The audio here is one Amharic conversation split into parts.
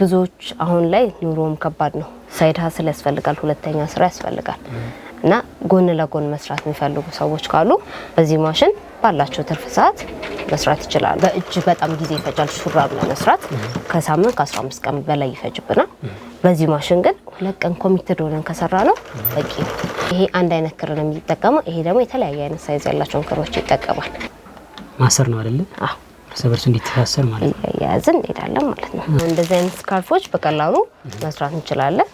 ብዙዎች አሁን ላይ ኑሮም ከባድ ነው። ሳይድ ሀስል ያስፈልጋል፣ ሁለተኛ ስራ ያስፈልጋል እና ጎን ለጎን መስራት የሚፈልጉ ሰዎች ካሉ በዚህ ማሽን ባላቸው ትርፍ ሰዓት መስራት ይችላሉ። በእጅ በጣም ጊዜ ይፈጃል። ሹራብ ለመስራት ከሳምንት ከ15 ቀን በላይ ይፈጅብናል። በዚህ ማሽን ግን ሁለት ቀን ኮሚትድ ሆነን ከሰራ ነው በቂ ይሄ አንድ አይነት ክር ነው የሚጠቀመው። ይሄ ደግሞ የተለያየ አይነት ሳይዝ ያላቸውን ክሮች ይጠቀማል። ማሰር ነው አይደለ? እርስ በርሱ እንዲተሳሰር ማለት ነው እያያዝን እንሄዳለን ማለት ነው። እንደዚህ አይነት ስካርፎች በቀላሉ መስራት እንችላለን።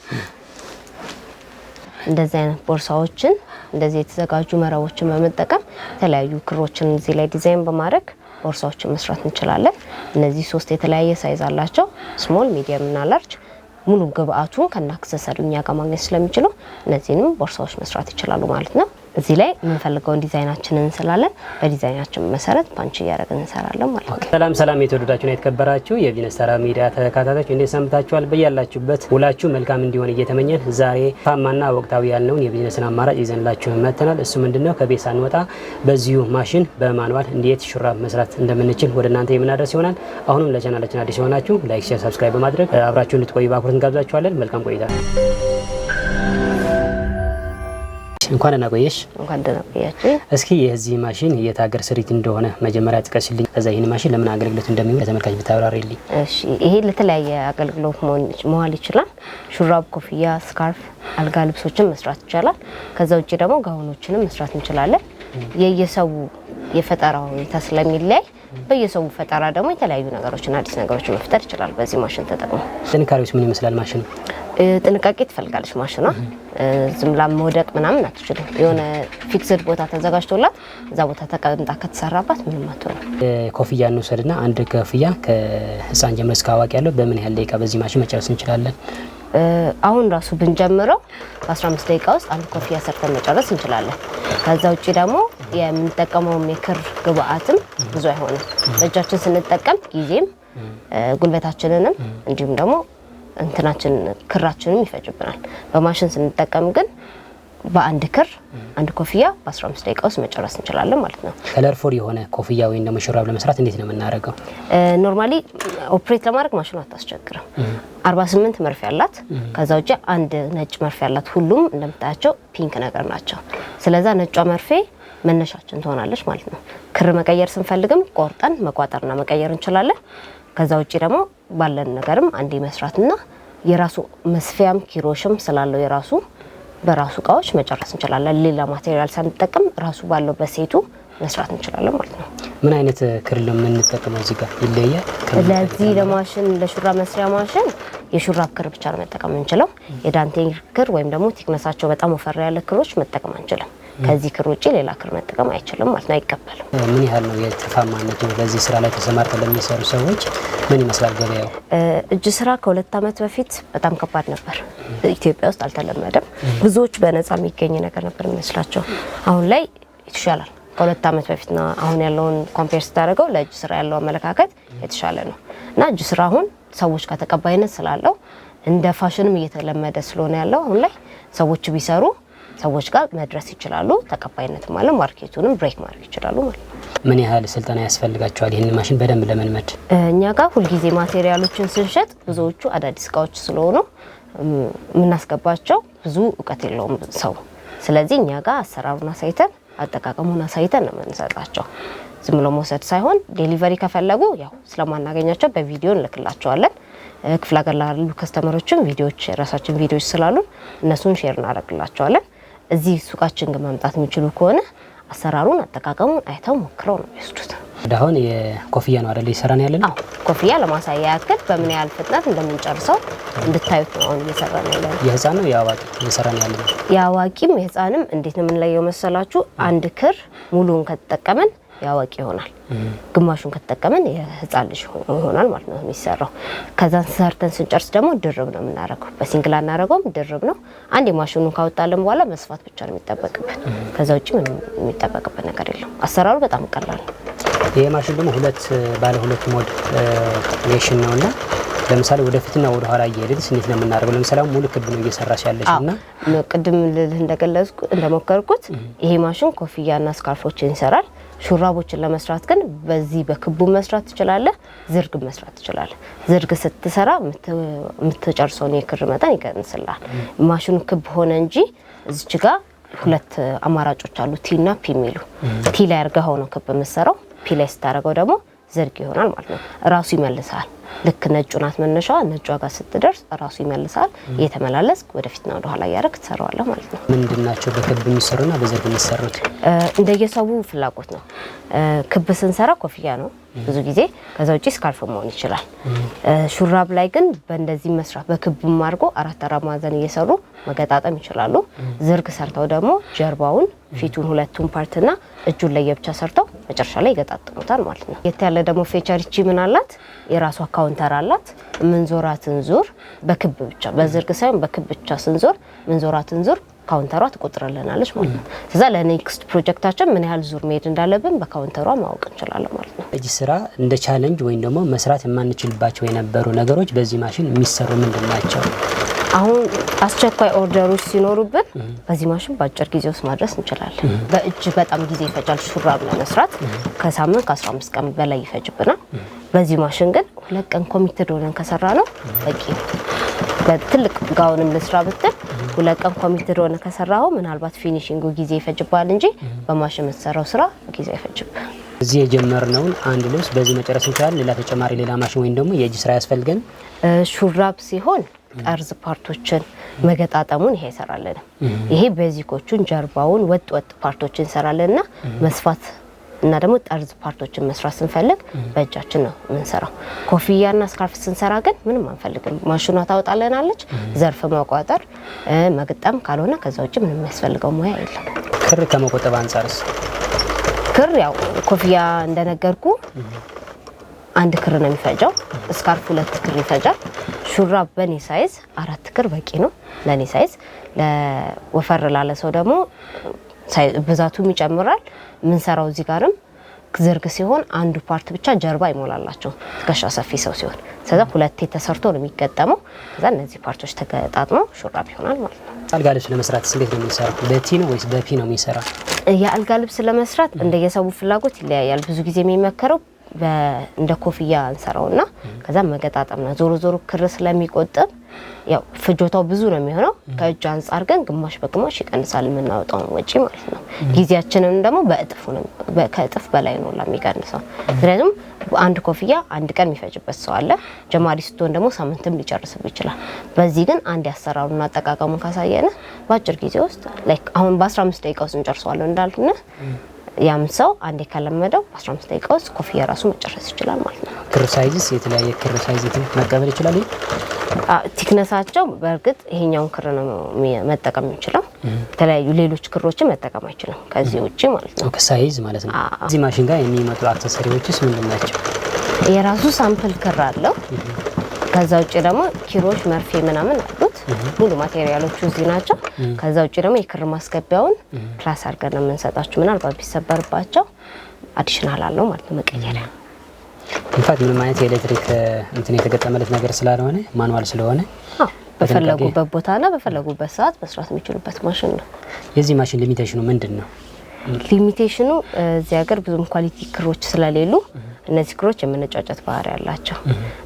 እንደዚህ አይነት ቦርሳዎችን እንደዚህ የተዘጋጁ መረቦችን በመጠቀም የተለያዩ ክሮችን እዚህ ላይ ዲዛይን በማድረግ ቦርሳዎችን መስራት እንችላለን። እነዚህ ሶስት የተለያየ ሳይዝ አላቸው፣ ስሞል፣ ሚዲየም እና ላርጅ። ሙሉ ግብአቱን ከና አክሰሰሪው እኛ ጋር ማግኘት ስለሚችሉ እነዚህንም ቦርሳዎች መስራት ይችላሉ ማለት ነው። እዚህ ላይ የምንፈልገውን ዲዛይናችንን እንስላለን። በዲዛይናችን መሰረት ፓንች እያደረግን እንሰራለን ማለት ነው። ሰላም ሰላም፣ የተወደዳችሁና የተከበራችሁ የቢዝነስ ተራ ሚዲያ ተከታታዮች እንዴት ሰምታችኋል? በያላችሁበት ውላችሁ መልካም እንዲሆን እየተመኘን ዛሬ ፋማና ወቅታዊ ያልነውን የቢዝነስን አማራጭ ይዘንላችሁ መጥተናል። እሱ ምንድነው? ከቤት ሳንወጣ በዚሁ ማሽን በማንዋል እንዴት ሹራብ መስራት እንደምንችል ወደ እናንተ የምናደርስ ይሆናል። አሁንም ለቻናላችን አዲስ የሆናችሁ ላይክ፣ ሼር፣ ሰብስክራይብ በማድረግ አብራችሁ እንድትቆዩ በአክብሮት እንጋብዛችኋለን። መልካም ቆይታ እንኳን ደህና ቆየሽ። እንኳን ደህና ቆያችሁ። እስኪ የዚህ ማሽን የት ሀገር ስሪት እንደሆነ መጀመሪያ ጥቀሽልኝ፣ ከዛ ይህን ማሽን ለምን አገልግሎት እንደሚውል ለተመልካች ብታብራሪልኝ። እሺ፣ ይሄ ለተለያየ አገልግሎት መዋል ይችላል። ሹራብ፣ ኮፍያ፣ ስካርፍ፣ አልጋ ልብሶችን መስራት ይቻላል። ከዛ ውጭ ደግሞ ጋውኖችንም መስራት እንችላለን። የየሰው የፈጠራ ሁኔታ ስለሚለያይ በየሰው ፈጠራ ደግሞ የተለያዩ ነገሮችን አዲስ ነገሮችን መፍጠር ይችላል በዚህ ማሽን ተጠቅሞ። ጥንካሬዎች ምን ይመስላል ማሽኑ? ጥንቃቄ ትፈልጋለች ማሽኗ። ዝም ብላ መውደቅ ምናምን አትችልም። የሆነ ፊክስድ ቦታ ተዘጋጅቶላት እዛ ቦታ ተቀምጣ ከተሰራባት ምንም አትሆንም። ኮፍያ እንውሰድና አንድ ኮፍያ ከህፃን ጀምሮ እስከ አዋቂ ያለው በምን ያህል ደቂቃ በዚህ ማሽን መጨረስ እንችላለን? አሁን ራሱ ብንጀምረው በ15 ደቂቃ ውስጥ አንድ ኮፍያ ሰርተን መጨረስ እንችላለን። ከዛ ውጭ ደግሞ የምንጠቀመውም የክር ግብአትም ብዙ አይሆንም። በእጃችን ስንጠቀም ጊዜም ጉልበታችንንም እንዲሁም ደግሞ እንትናችን ክራችንም ይፈጅብናል። በማሽን ስንጠቀም ግን በአንድ ክር አንድ ኮፍያ በ15 ደቂቃ ውስጥ መጨረስ እንችላለን ማለት ነው። ከለርፎር የሆነ ኮፍያ ወይም ደግሞ ሹራብ ለመስራት እንዴት ነው የምናደርገው? ኖርማሊ ኦፕሬት ለማድረግ ማሽኑ አታስቸግርም። 48 መርፌ ያላት፣ ከዛ ውጭ አንድ ነጭ መርፌ ያላት። ሁሉም እንደምታያቸው ፒንክ ነገር ናቸው። ስለዛ ነጯ መርፌ መነሻችን ትሆናለች ማለት ነው። ክር መቀየር ስንፈልግም ቆርጠን መቋጠርና መቀየር እንችላለን። ከዛ ውጭ ደግሞ ባለን ነገርም አንዴ መስራትና የራሱ መስፊያም ኪሮሽም ስላለው የራሱ በራሱ እቃዎች መጨረስ እንችላለን። ሌላ ማቴሪያል ሳንጠቀም ራሱ ባለው በሴቱ መስራት እንችላለን ማለት ነው። ምን አይነት ክር ነው የምንጠቀመው? እዚህ ጋር ይለያል። ለዚህ ለማሽን ለሹራ መስሪያ ማሽን የሹራብ ክር ብቻ ነው መጠቀም የምንችለው የዳንቴል ክር ወይም ደግሞ ቲክነሳቸው በጣም ወፈራ ያለ ክሮች መጠቀም አንችልም። ከዚህ ክር ውጭ ሌላ ክር መጠቀም አይችልም ማለት ነው፣ አይቀበልም። ምን ያህል ነው የትርፋማነት ነው? በዚህ ስራ ላይ ተሰማርተ ለሚሰሩ ሰዎች ምን ይመስላል ገበያው? እጅ ስራ ከሁለት ዓመት በፊት በጣም ከባድ ነበር። ኢትዮጵያ ውስጥ አልተለመደም። ብዙዎች በነፃ የሚገኝ ነገር ነበር የሚመስላቸው። አሁን ላይ ይሻላል። ከሁለት ዓመት በፊትና አሁን ያለውን ኮምፔር ስታደርገው ለእጅ ስራ ያለው አመለካከት የተሻለ ነው እና እጅ ስራ አሁን ሰዎች ከተቀባይነት ስላለው እንደ ፋሽንም እየተለመደ ስለሆነ ያለው አሁን ላይ ሰዎች ቢሰሩ ሰዎች ጋር መድረስ ይችላሉ። ተቀባይነትም አለ። ማርኬቱንም ብሬክ ማድረግ ይችላሉ ማለት ነው። ምን ያህል ስልጠና ያስፈልጋቸዋል ይህን ማሽን በደንብ ለመልመድ? እኛ ጋር ሁልጊዜ ማቴሪያሎችን ስንሸጥ ብዙዎቹ አዳዲስ እቃዎች ስለሆኑ የምናስገባቸው ብዙ እውቀት የለውም ሰው። ስለዚህ እኛ ጋር አሰራሩን አሳይተን አጠቃቀሙን አሳይተን ነው የምንሰጣቸው። ዝም ብሎ መውሰድ ሳይሆን ዴሊቨሪ ከፈለጉ ያው ስለማናገኛቸው በቪዲዮ እንልክላቸዋለን። ክፍለ ሀገር ላሉ ከስተመሮችም ቪዲዮዎች የራሳችን ቪዲዮዎች ስላሉ እነሱን ሼር እናደርግላቸዋለን። እዚህ ሱቃችን ግን መምጣት የሚችሉ ከሆነ አሰራሩን አጠቃቀሙን አይተው ሞክረው ነው ይወስዱት። አሁን የኮፍያ ነው አይደል እየሰራን ያለን? አዎ ኮፍያ ለማሳያ ያክል በምን ያህል ፍጥነት እንደምንጨርሰው እንድታዩት ነው አሁን እየሰራን ያለን። የህፃን ነው የአዋቂ እየሰራን ያለን? የአዋቂም የህፃንም እንዴት ነው የምንለየው መሰላችሁ? አንድ ክር ሙሉን ከተጠቀምን ያዋቂ ይሆናል። ግማሹን ከተጠቀመን የህፃን ልጅ ይሆናል ማለት ነው የሚሰራው። ከዛ ሰርተን ስንጨርስ ደግሞ ድርብ ነው የምናደርገው። በሲንግል አናደርገውም፣ ድርብ ነው። አንድ የማሽኑን ካወጣለን በኋላ መስፋት ብቻ ነው የሚጠበቅብን። ከዛ ውጭ ምንም የሚጠበቅበት ነገር የለም። አሰራሩ በጣም ቀላል ነው። ይህ ማሽን ደግሞ ሁለት ባለ ሁለት ሞድ ሬሽን ነው እና ለምሳሌ ወደፊትና ወደ ኋላ እየሄድን ስንት ነው የምናደርገው? ለምሳሌ ሙሉ ክብ ነው እየሰራሽ ያለሽ ቅድም ልልህ እንደገለጽኩ እንደሞከርኩት ይሄ ማሽን ኮፍያና ስካርፎችን ይሰራል። ሹራቦችን ለመስራት ግን በዚህ በክቡ መስራት ትችላለህ፣ ዝርግ መስራት ትችላለህ። ዝርግ ስትሰራ የምትጨርሰውን የክር መጠን ይቀንስላል። ማሽኑ ክብ ሆነ እንጂ እዚች ጋር ሁለት አማራጮች አሉ፣ ቲ እና ፒ የሚሉ። ቲ ላይ አድርገኸው ነው ክብ የምትሰራው፣ ፒ ላይ ስታደርገው ደግሞ ዝርግ ይሆናል ማለት ነው። ራሱ ይመልሳል። ልክ ነጩ ናት መነሻዋ። ነጯ ጋር ስትደርስ ራሱ ይመልሳል። እየተመላለስ ወደፊትና ወደኋላ እያደረግ ትሰራዋለህ ማለት ነው። ምንድን ናቸው በክብ የሚሰሩና በዘርግ የሚሰሩት? እንደየሰቡ ፍላጎት ነው። ክብ ስንሰራ ኮፍያ ነው ብዙ ጊዜ። ከዛ ውጭ ስካርፍ መሆን ይችላል። ሹራብ ላይ ግን በእንደዚህ መስራት በክብም አድርጎ አራት አራት ማዕዘን እየሰሩ መገጣጠም ይችላሉ። ዝርግ ሰርተው ደግሞ ጀርባውን፣ ፊቱን፣ ሁለቱን ፓርትና እጁን ለየብቻ ሰርተው መጨረሻ ላይ ይገጣጥሙታል ማለት ነው። የት ያለ ደግሞ ፌቸር ይቺ ምን አላት አካባቢ ካውንተር አላት። ምንዞራትን ዙር በክብ ብቻ በዝርግ ሳይሆን በክብ ብቻ ስንዞር ምንዞራትን ዙር ካውንተሯ ትቆጥርልናለች ማለት ነው። ከዛ ለኔክስት ፕሮጀክታችን ምን ያህል ዙር መሄድ እንዳለብን በካውንተሯ ማወቅ እንችላለን ማለት ነው። እዚህ ስራ እንደ ቻለንጅ ወይም ደግሞ መስራት የማንችልባቸው የነበሩ ነገሮች በዚህ ማሽን የሚሰሩ ምንድን ናቸው? አሁን አስቸኳይ ኦርደሮች ሲኖሩብን በዚህ ማሽን በአጭር ጊዜ ውስጥ ማድረስ እንችላለን። በእጅ በጣም ጊዜ ይፈጃል። ሹራብ ለመስራት ከሳምንት ከ15 ቀን በላይ ይፈጅብናል። በዚህ ማሽን ግን ሁለት ቀን ኮሚትድ ሆነን ከሰራ ነው በቂ በትልቅ ጋውንም ልስራ ብትል ሁለት ቀን ኮሚትድ ሆነ ከሰራው ምናልባት ፊኒሽንጉ ጊዜ ይፈጅባል እንጂ በማሽን የምትሰራው ስራ ጊዜ አይፈጅብ። እዚህ የጀመርነውን አንድ ልብስ በዚህ መጨረስ እንችላለን። ሌላ ተጨማሪ ሌላ ማሽን ወይም ደግሞ የእጅ ስራ ያስፈልገን ሹራብ ሲሆን ጠርዝ ፓርቶችን መገጣጠሙን ይሄ ይሰራልንም። ይሄ ቤዚኮቹን ጀርባውን ወጥ ወጥ ፓርቶችን ይሰራልንና መስፋት እና ደግሞ ጠርዝ ፓርቶችን መስራት ስንፈልግ በእጃችን ነው የምንሰራው። ኮፍያና ስካርፍ ስንሰራ ግን ምንም አንፈልግም። ማሽኗ ታወጣለናለች። ዘርፍ መቋጠር፣ መግጠም ካልሆነ ከዛ ውጭ ምንም የሚያስፈልገው ሙያ የለም። ክር ከመቆጠብ አንጻርስ? ክር ያው ኮፍያ እንደነገርኩ አንድ ክር ነው የሚፈጀው። ስካርፍ ሁለት ክር ይፈጃል። ሹራብ በኔ ሳይዝ አራት እግር በቂ ነው ለኔ ሳይዝ። ለወፈር ላለ ሰው ደግሞ ብዛቱም ይጨምራል። የምንሰራው እዚህ ጋርም ዝርግ ሲሆን አንዱ ፓርት ብቻ ጀርባ ይሞላላቸው ትከሻ ሰፊ ሰው ሲሆን ስለዚ ሁለቴ ተሰርቶ ነው የሚገጠመው። ከዛ እነዚህ ፓርቶች ተገጣጥመው ሹራብ ይሆናል ማለት ነው። አልጋ ልብስ ለመስራት እንዴት ነው የምንሰራው? በቲ ነው ወይስ በፒ ነው የሚሰራ የአልጋ ልብስ ለመስራት እንደየሰቡ ፍላጎት ይለያያል። ብዙ ጊዜ የሚመከረው እንደ ኮፍያ እንሰራውና ከዛ መገጣጠም ነው። ዞሮ ዞሮ ክር ስለሚቆጥብ ያው ፍጆታው ብዙ ነው የሚሆነው። ከእጅ አንጻር ግን ግማሽ በግማሽ ይቀንሳል የምናወጣውን ወጪ ማለት ነው። ጊዜያችንን ደግሞ በእጥፍ ነው ከእጥፍ በላይ ነው የሚቀንሰው። ምክንያቱም አንድ ኮፍያ አንድ ቀን የሚፈጅበት ሰው አለ። ጀማሪ ስትሆን ደግሞ ሳምንትም ሊጨርስብ ይችላል። በዚህ ግን አንድ ያሰራሩና አጠቃቀሙን ካሳየን በአጭር ጊዜ ውስጥ ላይክ አሁን በ15 ደቂቃ ውስጥ እንጨርሰዋለን እንዳልነ ያም ሰው አንዴ ከለመደው 15 ደቂቃ ውስጥ ኮፍያ ራሱ መጨረስ ይችላል ማለት ነው። ክር ሳይዝስ የተለያየ ክር ሳይዝ መቀበል ይችላል። ቲክነሳቸው በእርግጥ ይሄኛውን ክር ነው መጠቀም የሚችለው። የተለያዩ ሌሎች ክሮችን መጠቀም አይችልም ከዚህ ውጭ ማለት ነው። ሳይዝ ማለት ነው። እዚህ ማሽን ጋር የሚመጡ አክሰሰሪዎችስ ምንድን ናቸው? የራሱ ሳምፕል ክር አለው ከዛ ውጭ ደግሞ ኪሮች፣ መርፌ ምናምን አሉት። ሙሉ ማቴሪያሎቹ እዚህ ናቸው። ከዛ ውጭ ደግሞ የክር ማስገቢያውን ፕላስ አድርገን ነው የምንሰጣችሁ። ምናልባት ቢሰበርባቸው አዲሽናል አለው ማለት ነው መቀየሪያ። ኢንፋክት ምንም አይነት የኤሌክትሪክ እንትን የተገጠመለት ነገር ስላልሆነ ማንዋል ስለሆነ በፈለጉበት ቦታና በፈለጉበት ሰዓት መስራት የሚችሉበት ማሽን ነው። የዚህ ማሽን ሊሚቴሽኑ ምንድን ነው? ሊሚቴሽኑ እዚህ ሀገር ብዙም ኳሊቲ ክሮች ስለሌሉ እነዚህ ክሮች የመነጫጨት ባህሪ ያላቸው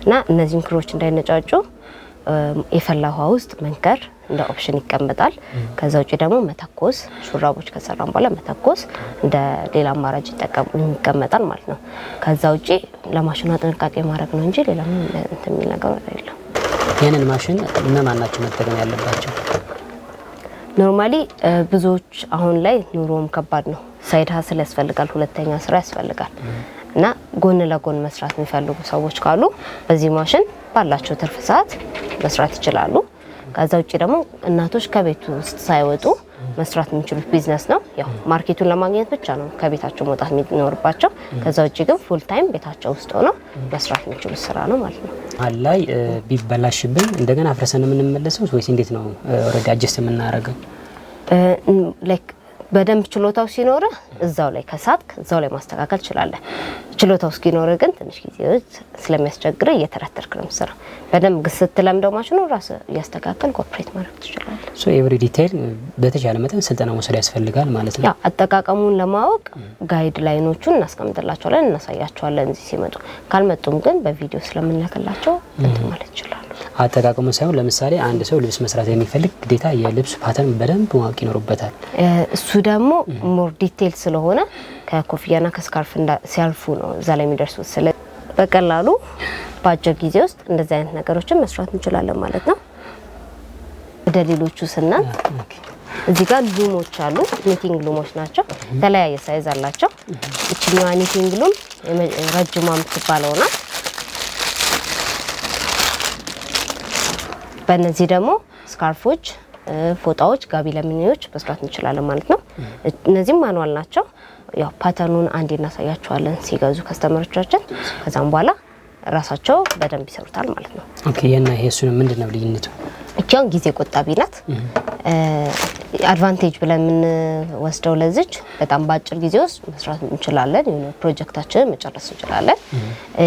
እና እነዚህን ክሮች እንዳይነጫጩ የፈላ ውሃ ውስጥ መንከር እንደ ኦፕሽን ይቀመጣል። ከዛ ውጭ ደግሞ መተኮስ፣ ሹራቦች ከሰራን በኋላ መተኮስ እንደ ሌላ አማራጭ ይቀመጣል ማለት ነው። ከዛ ውጭ ለማሽኗ ጥንቃቄ ማድረግ ነው እንጂ ሌላ ምን የሚል ነገር የለም። ይህንን ማሽን እነማን ናቸው መጠቀም ያለባቸው? ኖርማሊ ብዙዎች አሁን ላይ ኑሮም ከባድ ነው። ሳይድ ሀስል ያስፈልጋል፣ ሁለተኛ ስራ ያስፈልጋል። እና ጎን ለጎን መስራት የሚፈልጉ ሰዎች ካሉ በዚህ ማሽን ባላቸው ትርፍ ሰዓት መስራት ይችላሉ። ከዛ ውጭ ደግሞ እናቶች ከቤት ውስጥ ሳይወጡ መስራት የሚችሉት ቢዝነስ ነው። ያው ማርኬቱን ለማግኘት ብቻ ነው ከቤታቸው መውጣት የሚኖርባቸው። ከዛ ውጭ ግን ፉል ታይም ቤታቸው ውስጥ ሆነው መስራት የሚችሉት ስራ ነው ማለት ነው። አል ላይ ቢበላሽብን እንደገና አፍረሰን የምንመለሰው ወይስ እንዴት ነው? ኦልሬዲ የምናደርገው ላይክ በደንብ ችሎታው ሲኖር እዛው ላይ ከሳትክ እዛው ላይ ማስተካከል ትችላለህ። ችሎታው እስኪኖርህ ግን ትንሽ ጊዜ ስለሚያስቸግርህ እየተረተርክ ነው የምትሰራው። በደንብ ስትለምደው ማሽኑ ራስህ እያስተካከል ኮኦፕሬት ማድረግ ትችላለህ። ሶ ኤቭሪ ዲቴይል በተቻለ መጠን ስልጠና መውሰድ ያስፈልጋል ማለት ነው። አጠቃቀሙን ለማወቅ ጋይድ ላይኖቹን እናስቀምጥላቸዋለን፣ እናሳያቸዋለን። እዚህ ሲመጡ ካልመጡም ግን በቪዲዮ ስለምንልክላቸው እንትን ማለት ይችላል። አጠቃቀሙ ሳይሆን ለምሳሌ አንድ ሰው ልብስ መስራት የሚፈልግ ግዴታ የልብሱ ፓተርን በደንብ ማወቅ ይኖርበታል። እሱ ደግሞ ሞር ዲቴል ስለሆነ ከኮፍያና ከስካርፍ ሲያልፉ ነው እዛ ላይ የሚደርሱት። ስለ በቀላሉ በአጭር ጊዜ ውስጥ እንደዚህ አይነት ነገሮችን መስራት እንችላለን ማለት ነው። ወደ ሌሎቹ ስናል እዚህ ጋር ሉሞች አሉ። ኒቲንግ ሉሞች ናቸው። የተለያየ ሳይዝ አላቸው። እችኛዋ ኒቲንግ ሉም ረጅሟ የምትባለው ናት። በእነዚህ ደግሞ ስካርፎች፣ ፎጣዎች፣ ጋቢ ለምኔዎች መስራት እንችላለን ማለት ነው። እነዚህም ማንዋል ናቸው። ያው ፓተርኑን አንዴ እናሳያቸዋለን ሲገዙ ከስተመሮቻችን። ከዛም በኋላ ራሳቸው በደንብ ይሰሩታል ማለት ነው። ኦኬ። የና ይሄ እሱን ምንድን ነው ልዩነቱ? እቺ ጊዜ ቆጣቢ ናት። አድቫንቴጅ ብለን የምንወስደው ለዚች በጣም በአጭር ጊዜ ውስጥ መስራት እንችላለን፣ የሆነ ፕሮጀክታችንን መጨረስ እንችላለን።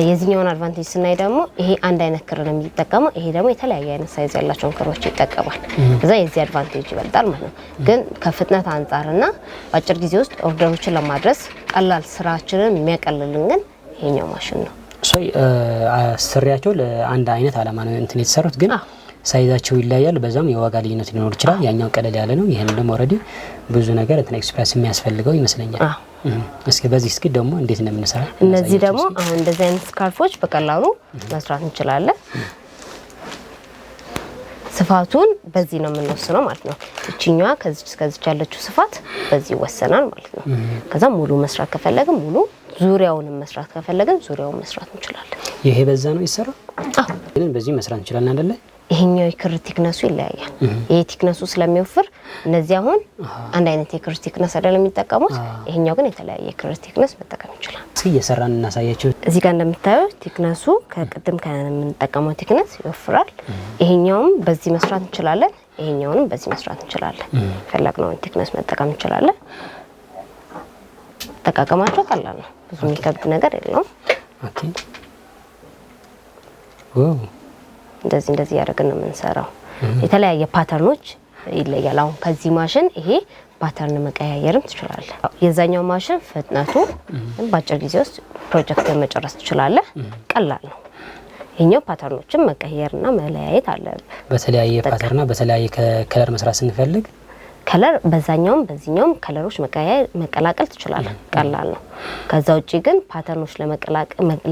የዚህኛውን አድቫንቴጅ ስናይ ደግሞ ይሄ አንድ አይነት ክር ነው የሚጠቀመው፣ ይሄ ደግሞ የተለያዩ አይነት ሳይዝ ያላቸውን ክሮች ይጠቀማል። እዛ የዚህ አድቫንቴጅ ይበልጣል ማለት ነው። ግን ከፍጥነት አንጻርና በአጭር ጊዜ ውስጥ ኦርደሮችን ለማድረስ ቀላል ስራችንን የሚያቀልልን ግን ይሄኛው ማሽን ነው። ሶይ ስሪያቸው ለአንድ አይነት አላማ ነው እንትን የተሰሩት ግን ሳይዛቸው ይለያል። በዛም የዋጋ ልዩነት ሊኖር ይችላል። ያኛው ቀለል ያለ ነው። ይህን ደግሞ ኦልሬዲ ብዙ ነገር እንትን ኤክስፕረስ የሚያስፈልገው ይመስለኛል። እስኪ በዚህ እስኪ ደግሞ እንዴት እንደምንሰራ እነዚህ ደግሞ አሁን እንደዚህ አይነት ስካርፎች በቀላሉ መስራት እንችላለን። ስፋቱን በዚህ ነው የምንወስነው ማለት ነው። እችኛዋ ከዚች እስከዚች ያለችው ስፋት በዚህ ይወሰናል ማለት ነው። ከዛ ሙሉ መስራት ከፈለግን ሙሉ፣ ዙሪያውንም መስራት ከፈለግን ዙሪያውን መስራት እንችላለን። ይሄ በዛ ነው ይሰራ። አዎ፣ በዚህ መስራት እንችላለን አደለ። ይሄኛው የክር ቲክነሱ ይለያያል። ይሄ ቲክነሱ ስለሚወፍር እነዚህ አሁን አንድ አይነት የክር ቲክነስ አይደለም የሚጠቀሙት። ይሄኛው ግን የተለያየ የክር ቲክነስ መጠቀም ይችላል። እስኪ እየሰራን እናሳያቸው። እዚህ ጋር እንደምታየው ቲክነሱ ከቅድም ከምንጠቀመው ቲክነስ ይወፍራል። ይሄኛውም በዚህ መስራት እንችላለን። ይሄኛውንም በዚህ መስራት እንችላለን። የፈለግነውን ቲክነስ መጠቀም እንችላለን። አጠቃቀማቸው ቀላል ነው። ብዙ የሚከብድ ነገር የለውም። እንደዚህ እንደዚህ እያደረግን ነው የምንሰራው። የተለያየ ፓተርኖች ይለያል። አሁን ከዚህ ማሽን ይሄ ፓተርን መቀያየርም ትችላለህ። የዛኛው ማሽን ፍጥነቱ በአጭር ጊዜ ውስጥ ፕሮጀክት መጨረስ ትችላለህ። ቀላል ነው። ይኛው ፓተርኖችን መቀየርና መለያየት አለብህ። በተለያየ ፓተርና በተለያየ ከለር መስራት ስንፈልግ ከለር በዛኛውም በዚኛውም ከለሮች መቀላቀል ትችላለህ። ቀላል ነው። ከዛ ውጭ ግን ፓተርኖች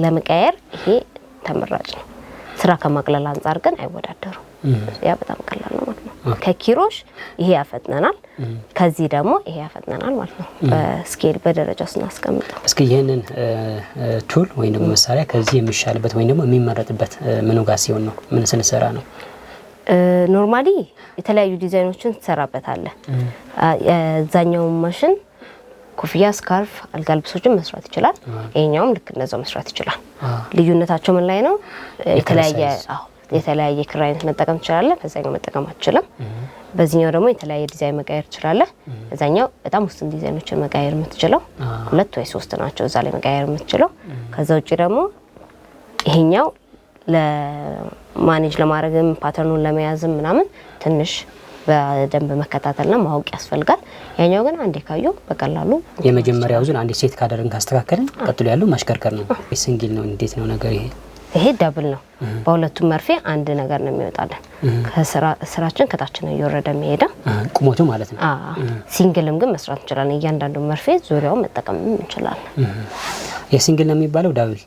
ለመቀያየር ይሄ ተመራጭ ነው። ስራ ከማቅለል አንጻር ግን አይወዳደሩም። ያ በጣም ቀላል ነው ማለት ነው። ከኪሮሽ ይሄ ያፈጥነናል፣ ከዚህ ደግሞ ይሄ ያፈጥነናል ማለት ነው። በስኬል በደረጃ ስናስቀምጠው እስኪ ይህንን ቱል ወይም ደግሞ መሳሪያ ከዚህ የሚሻልበት ወይም ደግሞ የሚመረጥበት ምኑ ጋር ሲሆን ነው? ምን ስንሰራ ነው? ኖርማሊ የተለያዩ ዲዛይኖችን ትሰራበታለህ። የዛኛውን ማሽን ኮፍያ፣ ስካርፍ፣ አልጋ ልብሶችን መስራት ይችላል። ይሄኛውም ልክ እንደዛው መስራት ይችላል። ልዩነታቸው ምን ላይ ነው? የተለያየ አዎ የተለያየ ክር አይነት መጠቀም ትችላለህ። ከዛኛው መጠቀም አትችልም። በዚህኛው ደግሞ የተለያየ ዲዛይን መቀየር ትችላለህ። እዛኛው በጣም ውስን ዲዛይኖችን መቀየር የምትችለው ሁለት ወይ ሶስት ናቸው፣ እዛ ላይ መቀየር የምትችለው። ከዛ ውጭ ደግሞ ይሄኛው ለማኔጅ ለማድረግም ፓተርኑን ለመያዝም ምናምን ትንሽ በደንብ መከታተልና ማወቅ ያስፈልጋል። ያኛው ግን አንዴ ካዩ በቀላሉ የመጀመሪያው ዙን አንዴ ሴት ካደረግን ካስተካከልን ቀጥሎ ያለው ማሽከርከር ነው። ሲንግል ነው። እንዴት ነው ነገር ይሄ? ይሄ ደብል ነው። በሁለቱም መርፌ አንድ ነገር ነው የሚወጣለን። ስራችን ከታችን ነው እየወረደ የሚሄደ ቁመቱ ማለት ነው። ሲንግልም ግን መስራት እንችላለን። እያንዳንዱ መርፌ ዙሪያውን መጠቀም እንችላለን። የሲንግል ነው የሚባለው ዳብል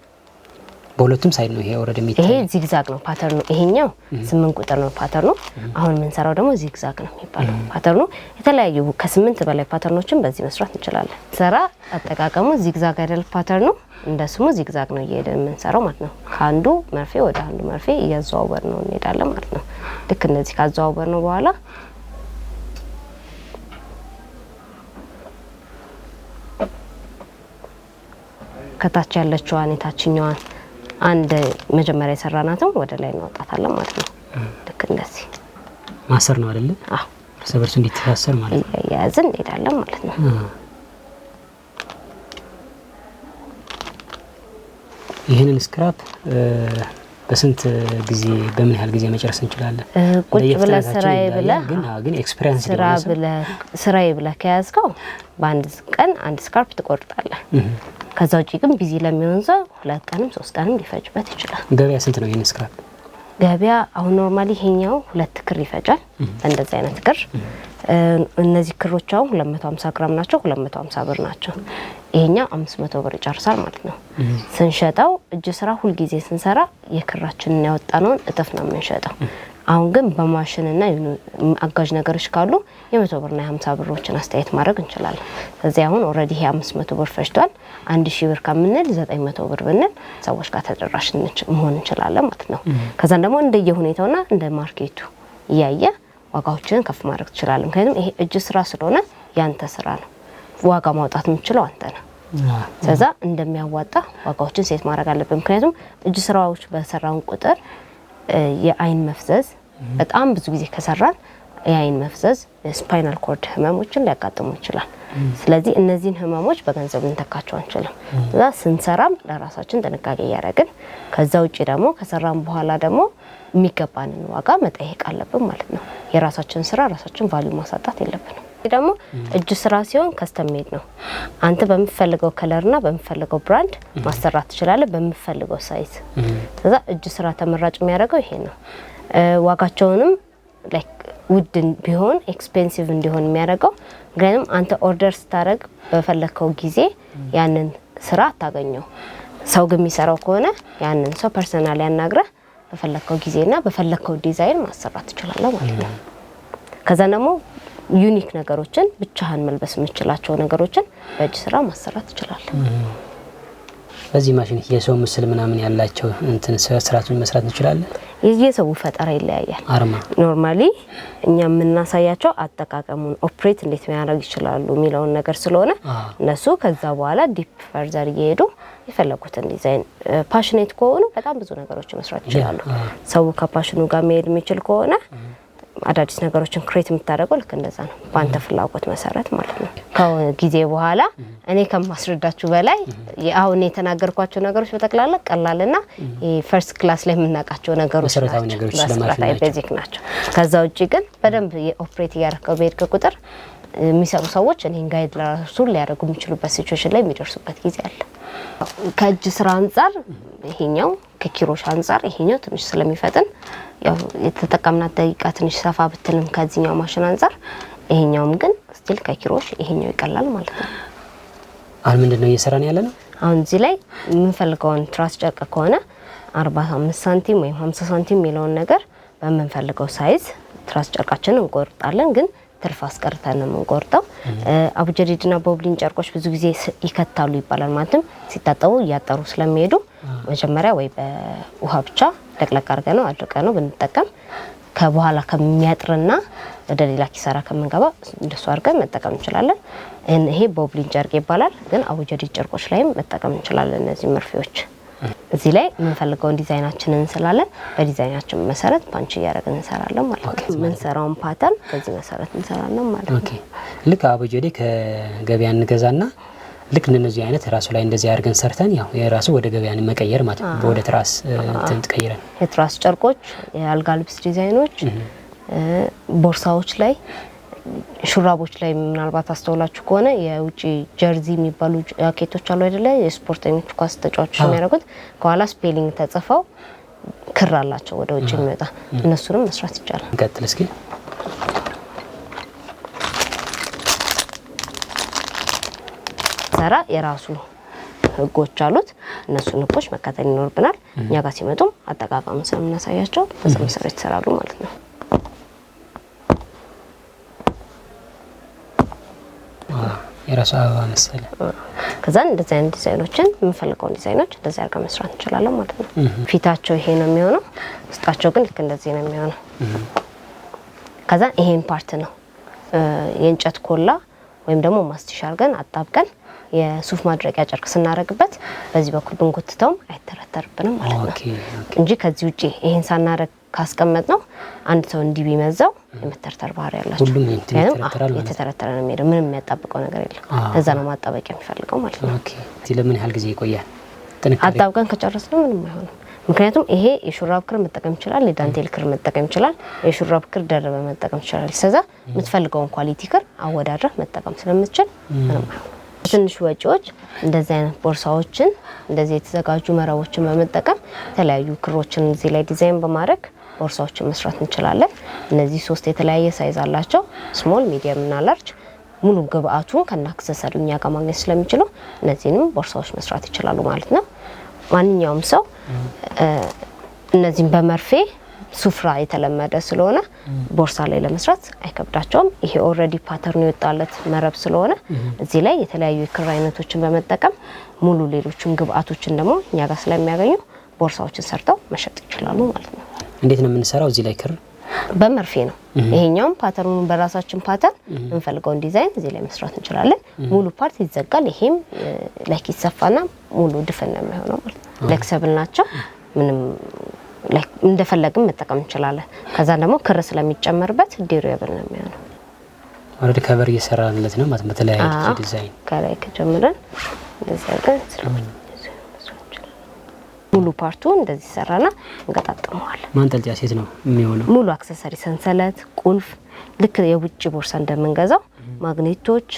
በሁለቱም ሳይድ ነው ይሄ ኦልሬዲ የሚታይ። ይሄ ዚግዛግ ነው ፓተርኑ። ይሄኛው ስምንት ቁጥር ነው ፓተርኑ። አሁን የምንሰራው ደግሞ ዚግዛግ ነው የሚባለው ፓተርኑ። የተለያዩ ከስምንት በላይ ፓተርኖችን በዚህ መስራት እንችላለን። ሰራ አጠቃቀሙ ዚግዛግ አይደል ፓተርኑ፣ እንደ ስሙ ዚግዛግ ነው እየሄደ የምንሰራው ማለት ነው። ከአንዱ መርፌ ወደ አንዱ መርፌ እያዘዋወር ነው እንሄዳለን ማለት ነው። ልክ እነዚህ ካዘዋወር ነው በኋላ ከታች ያለችዋን የታችኛዋን አንድ መጀመሪያ የሰራናትን ወደ ላይ እናወጣታለን ማለት ነው። ልክ እንደዚህ ማሰር ነው አይደለ? አዎ፣ እርስ በርሱ እንዲተሳሰር ማለት ነው። እያያዝን እንሄዳለን ማለት ነው። ይህንን ስክራፕ በስንት ጊዜ በምን ያህል ጊዜ መጨረስ እንችላለን? ቁጭ ብለህ ስራዬ ብለህ ግን ኤክስፒሪያንስ ስራዬ ብለህ ከያዝከው በአንድ ቀን አንድ ስካርፕ ትቆርጣለህ። ከዛ ውጭ ግን ቢዚ ለሚሆን ሰው ሁለት ቀንም ሶስት ቀንም ሊፈጅበት ይችላል። ገበያ ስንት ነው ይህን ስክራፕ? ገበያ አሁን ኖርማሊ ይሄኛው ሁለት ክር ይፈጃል። እንደዚህ አይነት ክር እነዚህ ክሮች አሁን 250 ግራም ናቸው፣ 250 ብር ናቸው። ይሄኛው 500 ብር ይጨርሳል ማለት ነው። ስንሸጠው እጅ ስራ ሁልጊዜ ስንሰራ የክራችንን ያወጣነውን እጥፍ ነው የምንሸጠው። አሁን ግን በማሽንና አጋዥ ነገሮች ካሉ የመቶ ብርና የሀምሳ ብሮችን አስተያየት ማድረግ እንችላለን። ስለዚህ አሁን ኦልሬዲ ይሄ አምስት መቶ ብር ፈጅቷል። አንድ ሺህ ብር ከምንል ዘጠኝ መቶ ብር ብንል ሰዎች ጋር ተደራሽ መሆን እንችላለን ማለት ነው። ከዛን ደግሞ እንደየ ሁኔታውና እንደ ማርኬቱ እያየ ዋጋዎችን ከፍ ማድረግ ትችላለን። ምክንያቱም ይሄ እጅ ስራ ስለሆነ ያንተ ስራ ነው። ዋጋ ማውጣት የምችለው አንተ ነው። ስለዛ እንደሚያዋጣ ዋጋዎችን ሴት ማድረግ አለብን። ምክንያቱም እጅ ስራዎች በሰራውን ቁጥር የአይን መፍዘዝ በጣም ብዙ ጊዜ ከሰራን የአይን መፍዘዝ፣ የስፓይናል ኮርድ ህመሞችን ሊያጋጥሙ ይችላል። ስለዚህ እነዚህን ህመሞች በገንዘብ ልንተካቸው አንችልም። እዛ ስንሰራም ለራሳችን ጥንቃቄ እያደረግን ከዛ ውጭ ደግሞ ከሰራም በኋላ ደግሞ የሚገባንን ዋጋ መጠየቅ አለብን ማለት ነው። የራሳችን ስራ ራሳችን ቫሊዩ ማሳጣት የለብንም። ደግሞ እጅ ስራ ሲሆን ከስተም ሜድ ነው። አንተ በምፈልገው ከለርና በምፈልገው ብራንድ ማሰራት ትችላለን፣ በምፈልገው ሳይዝ። ከዛ እጅ ስራ ተመራጭ የሚያደርገው ይሄ ነው። ዋጋቸውንም ውድ ቢሆን ኤክስፔንሲቭ እንዲሆን የሚያደርገው ምክንያቱም አንተ ኦርደር ስታደርግ በፈለግከው ጊዜ ያንን ስራ አታገኘው። ሰው ግን የሚሰራው ከሆነ ያንን ሰው ፐርሰናል ያናግረህ በፈለግከው ጊዜና በፈለግከው ዲዛይን ማሰራት ትችላለህ ማለት ነው። ከዛ ደግሞ ዩኒክ ነገሮችን ብቻህን መልበስ የምችላቸው ነገሮችን በእጅ ስራ ማሰራት ትችላለህ። በዚህ ማሽን የሰው ምስል ምናምን ያላቸው እንትን ስራቱን መስራት እንችላለን። የሰው ፈጠራ ይለያያል። አርማ ኖርማሊ እኛ የምናሳያቸው አጠቃቀሙን ኦፕሬት እንዴት ሚያደረግ ይችላሉ የሚለውን ነገር ስለሆነ እነሱ ከዛ በኋላ ዲፕ ፈርዘር እየሄዱ የፈለጉትን ዲዛይን ፓሽኔት ከሆኑ በጣም ብዙ ነገሮች መስራት ይችላሉ። ሰው ከፓሽኑ ጋር መሄድ የሚችል ከሆነ አዳዲስ ነገሮችን ክሬት የምታደርገው ልክ እንደዛ ነው፣ በአንተ ፍላጎት መሰረት ማለት ነው። ከጊዜ በኋላ እኔ ከማስረዳችሁ በላይ አሁን የተናገርኳቸው ነገሮች በጠቅላላ ቀላልና ፈርስት ክላስ ላይ የምናውቃቸው ነገሮች ናቸው፣ ቤዚክ ናቸው። ከዛ ውጭ ግን በደንብ የኦፕሬት እያደረከው በሄድክ ቁጥር የሚሰሩ ሰዎች እኔን ጋይድ ለራሱ ሊያደርጉ የሚችሉበት ሲቹዌሽን ላይ የሚደርሱበት ጊዜ አለ። ከእጅ ስራ አንጻር ይሄኛው፣ ከኪሮሽ አንጻር ይሄኛው ትንሽ ስለሚፈጥን ያው የተጠቀምናት ደቂቃ ትንሽ ሰፋ ብትልም ከዚህኛው ማሽን አንጻር ይሄኛውም ግን ስቲል ከኪሮሽ ይሄኛው ይቀላል ማለት ነው። አሁን ምንድን ነው እየሰራን ያለ ነው? አሁን እዚህ ላይ የምንፈልገውን ትራስ ጨርቅ ከሆነ አርባ አምስት ሳንቲም ወይም ሀምሳ ሳንቲም የሚለውን ነገር በምንፈልገው ሳይዝ ትራስ ጨርቃችንን እንቆርጣለን ግን ትርፍ አስቀርተን የምንቆርጠው አቡጀዲድና ቦብሊን ጨርቆች ብዙ ጊዜ ይከታሉ ይባላል። ማለትም ሲታጠቡ እያጠሩ ስለሚሄዱ መጀመሪያ ወይ በውሃ ብቻ ለቅለቅ አድርገ ነው አድርቀ ነው ብንጠቀም ከበኋላ ከሚያጥርና ወደ ሌላ ኪሳራ ከምንገባ እንደሱ አድርገን መጠቀም እንችላለን። ይሄ ቦብሊን ጨርቅ ይባላል፣ ግን አቡጀዲ ጨርቆች ላይም መጠቀም እንችላለን። እነዚህ መርፌዎች እዚህ ላይ የምንፈልገውን ዲዛይናችንን እንስላለን። በዲዛይናችን መሰረት ፓንች እያደረግን እንሰራለን ማለት ነው። የምንሰራውን ፓተርን በዚህ መሰረት እንሰራለን ማለት ነው። ልክ አቡጀዲ ከገበያ እንገዛና ልክ እንደነዚህ አይነት ራሱ ላይ እንደዚህ አድርገን ሰርተን ያው የራሱ ወደ ገበያን መቀየር ማለት ነው። ወደ ትራስ እንትን ቀይረን የትራስ ጨርቆች፣ የአልጋ ልብስ ዲዛይኖች፣ ቦርሳዎች ላይ ሹራቦች ላይ ምናልባት አስተውላችሁ ከሆነ የውጭ ጀርዚ የሚባሉ ጃኬቶች አሉ አይደለ? የስፖርተኞች ኳስ ተጫዋቾች የሚያደርጉት ከኋላ ስፔሊንግ ተጽፈው ክር አላቸው ወደ ውጭ የሚወጣ እነሱንም መስራት ይቻላል። እንቀጥል እስኪ። ሲሰራ የራሱ ህጎች አሉት። እነሱን ህጎች መከተል ይኖርብናል። እኛ ጋር ሲመጡም አጠቃቀሙን ስለምናሳያቸው በዛ መሰረት ይሰራሉ ማለት ነው። የራሱ አበባ መሰለ። ከዛን እንደዚህ አይነት ዲዛይኖችን የምንፈልገውን ዲዛይኖች እንደዚህ አድርገን መስራት እንችላለን ማለት ነው። ፊታቸው ይሄ ነው የሚሆነው። ውስጣቸው ግን ልክ እንደዚህ ነው የሚሆነው። ከዛን ይሄን ፓርት ነው የእንጨት ኮላ ወይም ደግሞ ማስቲሽ አድርገን አጣብቀን የሱፍ ማድረቂያ ጨርቅ ስናደረግበት በዚህ በኩል ብንጎትተውም አይተረተርብንም ማለት ነው እንጂ ከዚህ ውጭ ይህን ሳናረግ ካስቀመጥ ነው አንድ ሰው እንዲህ ቢመዛው የመተርተር ባህሪ ያላቸው የተተረተረ ነው የሚሄደው። ምንም የሚያጣብቀው ነገር የለም። እዛ ነው ማጣበቂያ የሚፈልገው ማለት ነው። ለምን ያህል ጊዜ ይቆያል? አጣብቀን ነው ምንም አይሆንም። ምክንያቱም ይሄ የሹራብ ክር መጠቀም ይችላል፣ የዳንቴል ክር መጠቀም ይችላል፣ የሹራብ ክር ደርበ መጠቀም ይችላል። ስለዛ የምትፈልገውን ኳሊቲ ክር አወዳድረህ መጠቀም ስለምትችል ምንም አይሆንም። ትንሽ ወጪዎች እንደዚህ አይነት ቦርሳዎችን እንደዚህ የተዘጋጁ መረቦችን በመጠቀም የተለያዩ ክሮችን እዚህ ላይ ዲዛይን በማድረግ ቦርሳዎችን መስራት እንችላለን። እነዚህ ሶስት የተለያየ ሳይዝ አላቸው፣ ስሞል፣ ሚዲየም እና ላርጅ። ሙሉ ግብአቱን ከና አክሰሰሪው እኛ ጋር ማግኘት ስለሚችሉ እነዚህንም ቦርሳዎች መስራት ይችላሉ ማለት ነው። ማንኛውም ሰው እነዚህን በመርፌ ሱፍራ የተለመደ ስለሆነ ቦርሳ ላይ ለመስራት አይከብዳቸውም። ይሄ ኦልሬዲ ፓተርኑ የወጣለት መረብ ስለሆነ እዚህ ላይ የተለያዩ የክር አይነቶችን በመጠቀም ሙሉ ሌሎችን ግብአቶችን ደግሞ እኛ ጋር ስለሚያገኙ ቦርሳዎችን ሰርተው መሸጥ ይችላሉ ማለት ነው። እንዴት ነው የምንሰራው? እዚህ ላይ ክር በመርፌ ነው። ይሄኛውም ፓተርኑ በራሳችን ፓተርን የምንፈልገውን ዲዛይን እዚህ ላይ መስራት እንችላለን። ሙሉ ፓርት ይዘጋል። ይሄም ላይክ ይሰፋና ሙሉ ድፍን ነው የሚሆነው ማለት ነው። ፍሌክሲብል ናቸው ምንም እንደፈለግም መጠቀም እንችላለን። ከዛ ደግሞ ክር ስለሚጨመርበት ዲሬብል ነው የሚሆነው። ኦልሬዲ ከበር እየሰራንለት ነው ማለት በተለያየ ዲዛይን ከላይ ከጀምረን ሙሉ ፓርቱ እንደዚህ ሰራና እንገጣጥመዋለን። ማንጠልጫ ሴት ነው የሚሆነው። ሙሉ አክሰሰሪ ሰንሰለት፣ ቁልፍ ልክ የውጭ ቦርሳ እንደምንገዛው ማግኔቶች፣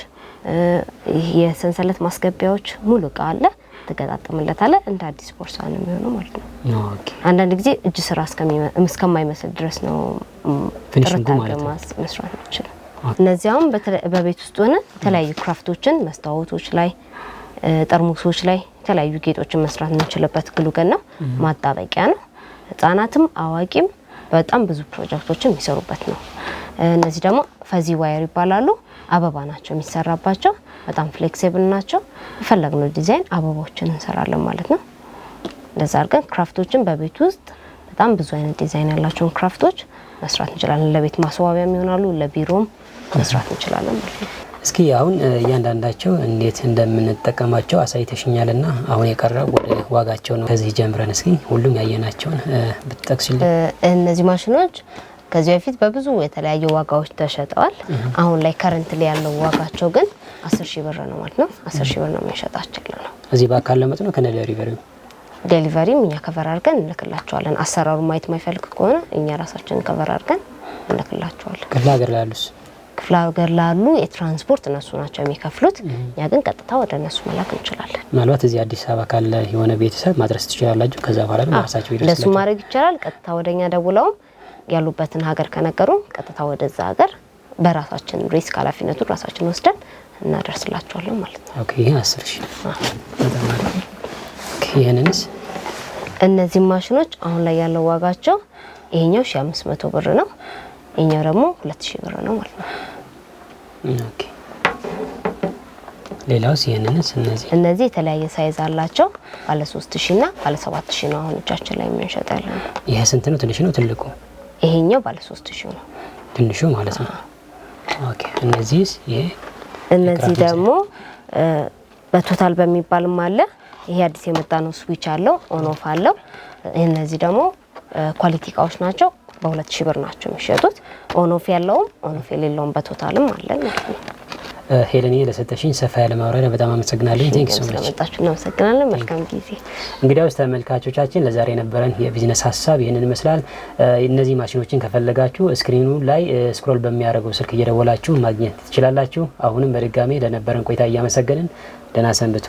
የሰንሰለት ማስገቢያዎች ሙሉ እቃ አለ። ትገጣጠምለታለህ። እንደ አዲስ ቦርሳ ነው የሚሆነው ማለት ነው። አንዳንድ ጊዜ እጅ ስራ እስከማይመስል ድረስ ነው ጥርት መስራት ይችላል። እነዚያውም በቤት ውስጥ ሆነ የተለያዩ ክራፍቶችን መስታወቶች ላይ ጠርሙሶች ላይ የተለያዩ ጌጦችን መስራት የምንችልበት ነው፣ ማጣበቂያ ነው። ህጻናትም አዋቂም በጣም ብዙ ፕሮጀክቶችን የሚሰሩበት ነው። እነዚህ ደግሞ ፈዚ ዋየር ይባላሉ። አበባ ናቸው የሚሰራባቸው። በጣም ፍሌክሲብል ናቸው። የፈለግነው ዲዛይን አበባዎችን እንሰራለን ማለት ነው። እንደዛ አድርገን ክራፍቶችን በቤት ውስጥ በጣም ብዙ አይነት ዲዛይን ያላቸውን ክራፍቶች መስራት እንችላለን። ለቤት ማስዋቢያም ይሆናሉ፣ ለቢሮም መስራት እንችላለን ማለት ነው። እስኪ አሁን እያንዳንዳቸው እንዴት እንደምንጠቀማቸው አሳይተሽኛል እና አሁን የቀረው ወደ ዋጋቸው ነው። ከዚህ ጀምረን እስኪ ሁሉም ያየናቸውን ብትጠቅሽልን። እነዚህ ማሽኖች ከዚህ በፊት በብዙ የተለያዩ ዋጋዎች ተሸጠዋል። አሁን ላይ ከረንት ላይ ያለው ዋጋቸው ግን አስር ሺህ ብር ነው ማለት ነው። አስር ሺህ ብር ነው የሚሸጣቸው ነው። እዚህ በአካል ለመጥ ነው ከነ ዴሊቨሪ ዴሊቨሪም እኛ ከቨር አድርገን እንልክላቸዋለን። አሰራሩ ማየት የማይፈልግ ከሆነ እኛ ራሳችን ከቨር አድርገን እንልክላቸዋለን። ክፍለ ሀገር ላሉስ ክፍለ ሀገር ላሉ የትራንስፖርት እነሱ ናቸው የሚከፍሉት። እኛ ግን ቀጥታ ወደ እነሱ መላክ እንችላለን። ምናልባት እዚህ አዲስ አበባ ካለ የሆነ ቤተሰብ ማድረስ ትችላላችሁ። ከዛ በኋላ ግን ራሳቸው ይደርሳል። ለሱ ማድረግ ይቻላል። ቀጥታ ወደ እኛ ደውለውም ያሉበትን ሀገር ከነገሩ ቀጥታ ወደዛ ሀገር በራሳችን ሪስክ ኃላፊነቱን ራሳችን ወስደን እናደርስላቸዋለን ማለት ነው። አስር ሺ ይህንንስ እነዚህ ማሽኖች አሁን ላይ ያለው ዋጋቸው ይሄኛው ሺ አምስት መቶ ብር ነው። ይሄኛው ደግሞ ሁለት ሺ ብር ነው ማለት ነው። ሌላውስ ይህንንስ? እነዚህ እነዚህ የተለያየ ሳይዝ አላቸው። ባለ ሶስት ሺ እና ባለ ሰባት ሺ ነው አሁን እጃችን ላይ የምንሸጥ ያለ ነው። ይሄ ስንት ነው? ትንሽ ነው ትልቁ ይሄኛው ባለ ሶስት ሺህ ነው ትንሹ ማለት ነው። ኦኬ። እነዚህ ይሄ እነዚህ ደግሞ በቶታል በሚባልም አለ። ይሄ አዲስ የመጣ ነው። ስዊች አለው፣ ኦን ኦፍ አለው። እነዚህ ደግሞ ኳሊቲ እቃዎች ናቸው። በሁለት ሺህ ብር ናቸው የሚሸጡት። ኦን ኦፍ ያለውም ኦን ኦፍ የሌለውም በቶታልም አለ ማለት ነው። ሄለን ለሰጠሽኝ ሰፋ ያለ ማብራሪያ በጣም አመሰግናለን። ቴንክ ሶ ማች እናመሰግናለን። መልካም ጊዜ። እንግዲያውስ ተመልካቾቻችን ለዛሬ የነበረን የቢዝነስ ሀሳብ ይህንን ይመስላል። እነዚህ ማሽኖችን ከፈለጋችሁ ስክሪኑ ላይ ስክሮል በሚያደርገው ስልክ እየደወላችሁ ማግኘት ትችላላችሁ። አሁንም በድጋሜ ለነበረን ቆይታ እያመሰገንን ደህና ሰንብቱ።